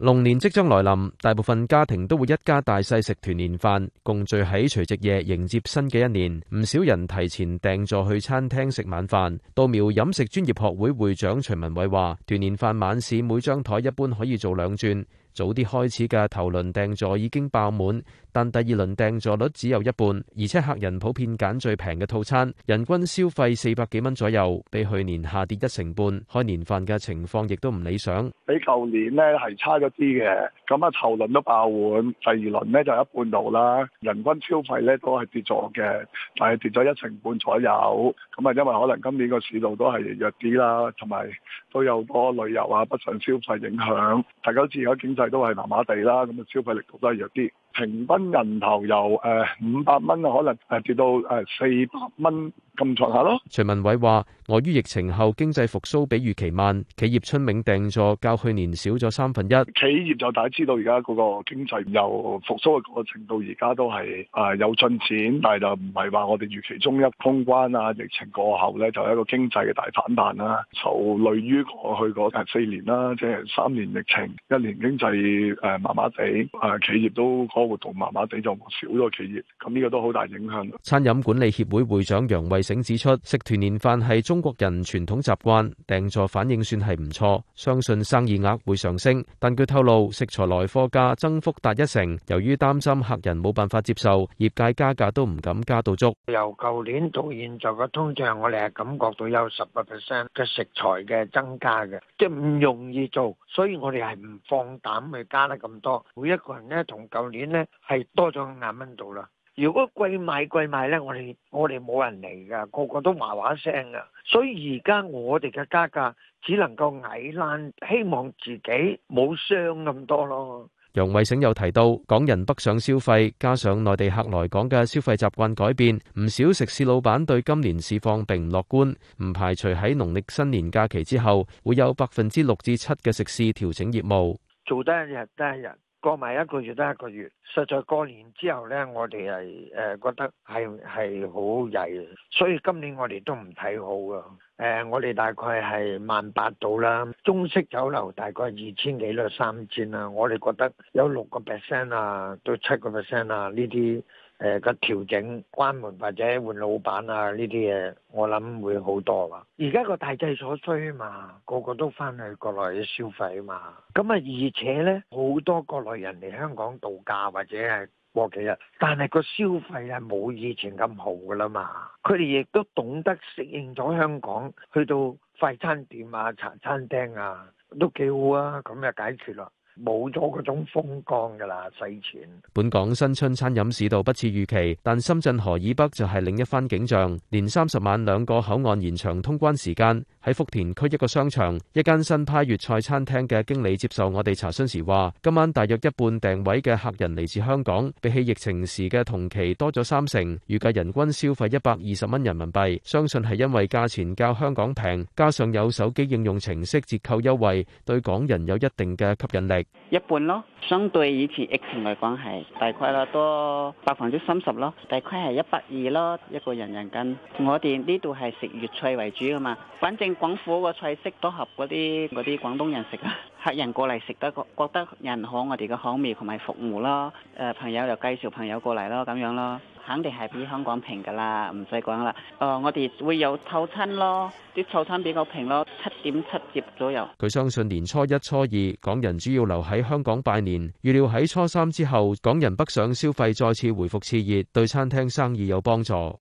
龍年即將來臨，大部分家庭都會一家大細食團年飯，共聚喺除夕夜迎接新嘅一年。唔少人提前訂座去餐廳食晚飯。稻苗飲食專業學會會會長徐汶緯話，團年飯晚市每張台一般可以做兩轉。早啲開始嘅頭輪訂座已經爆滿，但第二輪訂座率只有一半，而且客人普遍揀最平嘅套餐，人均消費四百幾蚊左右，比去年下跌一成半。開年飯嘅情況亦都唔理想，比舊年呢係差咗啲嘅。咁啊，頭輪都爆滿，第二輪呢就一半度啦，人均消費呢都係跌咗嘅，但係跌咗一成半左右。咁啊，因為可能今年個市道都係弱啲啦，同埋都有多旅遊啊、北上消費影響，大家好似有經都係麻麻地啦，咁啊，消費力度都係弱啲。平均人頭由誒五百蚊可能誒跌到誒四百蚊咁上下咯。徐汶緯話：礙於疫情後經濟復甦比預期慢，企業春茗訂座較去年少咗三分一。企業就大家知道而家嗰個經濟又復甦嘅個程度，而家都係誒有進展，但係就唔係話我哋預期中一通關啊，疫情過後咧就係一個經濟嘅大反彈啦、啊。受累於過去嗰誒四年啦，即係三年疫情，一年經濟誒麻麻地誒企業都。多活動麻麻地就少咗企業，咁呢個都好大影響。餐飲管理協會會長楊位醒指出，食團年飯係中國人傳統習慣，訂座反應算係唔錯，相信生意額會上升。但佢透露，食材來貨價增幅達一成，由於擔心客人冇辦法接受，業界加價都唔敢加到足。由舊年到現在嘅通脹，我哋係感覺到有十個 percent 嘅食材嘅增加嘅，即係唔容易做，所以我哋係唔放膽去加得咁多。每一個人呢，同舊年。咧係多咗五萬蚊度啦！如果貴買貴賣呢，我哋我哋冇人嚟噶，個個都話話聲噶。所以而家我哋嘅加價只能夠矮攣，希望自己冇傷咁多咯。楊位醒又提到，港人北上消費，加上內地客來港嘅消費習慣改變，唔少食肆老闆對今年市況並唔樂觀，唔排除喺農曆新年假期之後會有百分之六至七嘅食肆調整業務，做得一日得一日。過埋一個月得一個月，實在過年之後呢，我哋係誒覺得係係好曳，所以今年我哋都唔睇好㗎。誒、呃，我哋大概係萬八度啦，中式酒樓大概二千幾到三千啦，3000，我哋覺得有六個 percent 啊，到七個 percent 啊，呢啲。誒，個調、呃、整、關門或者換老闆啊呢啲嘢，我諗會好多啊。而家個大勢所趨啊嘛，個個都返去國內消費啊嘛。咁、嗯、啊，而且呢，好多國內人嚟香港度假或者係過幾日，但係個消費係冇以前咁好噶啦嘛。佢哋亦都懂得適應咗香港，去到快餐店啊、茶餐廳啊都幾好啊，咁就解決啦。冇咗嗰種風光㗎啦，世前本港新春餐飲市道不似預期，但深圳河以北就係另一番景象。年三十晚兩個口岸延長通關時間。喺福田區一個商場，一間新派粵菜餐廳嘅經理接受我哋查詢時話，今晚大約一半訂位嘅客人嚟自香港，比起疫情時嘅同期多咗三成，預計人均消費一百二十蚊人民幣。相信係因為價錢較香港平，加上有手機應用程式折扣優惠，對港人有一定嘅吸引力。一半咯，相對以前疫情嚟講係大概啦，多百分之三十咯，大概係一百二咯一個人人均。我哋呢度係食粵菜為主㗎嘛，反正。廣府個菜式都合嗰啲廣東人食啊，客人過嚟食得覺得人好，我哋嘅口味同埋服務啦，誒朋友又介紹朋友過嚟咯，咁樣咯，肯定係比香港平噶啦，唔使講啦。誒我哋會有套餐咯，啲套餐比較平咯，七點七折左右。佢相信年初一、初二港人主要留喺香港拜年，預料喺初三之後港人北上消費再次回復熾熱，對餐廳生意有幫助。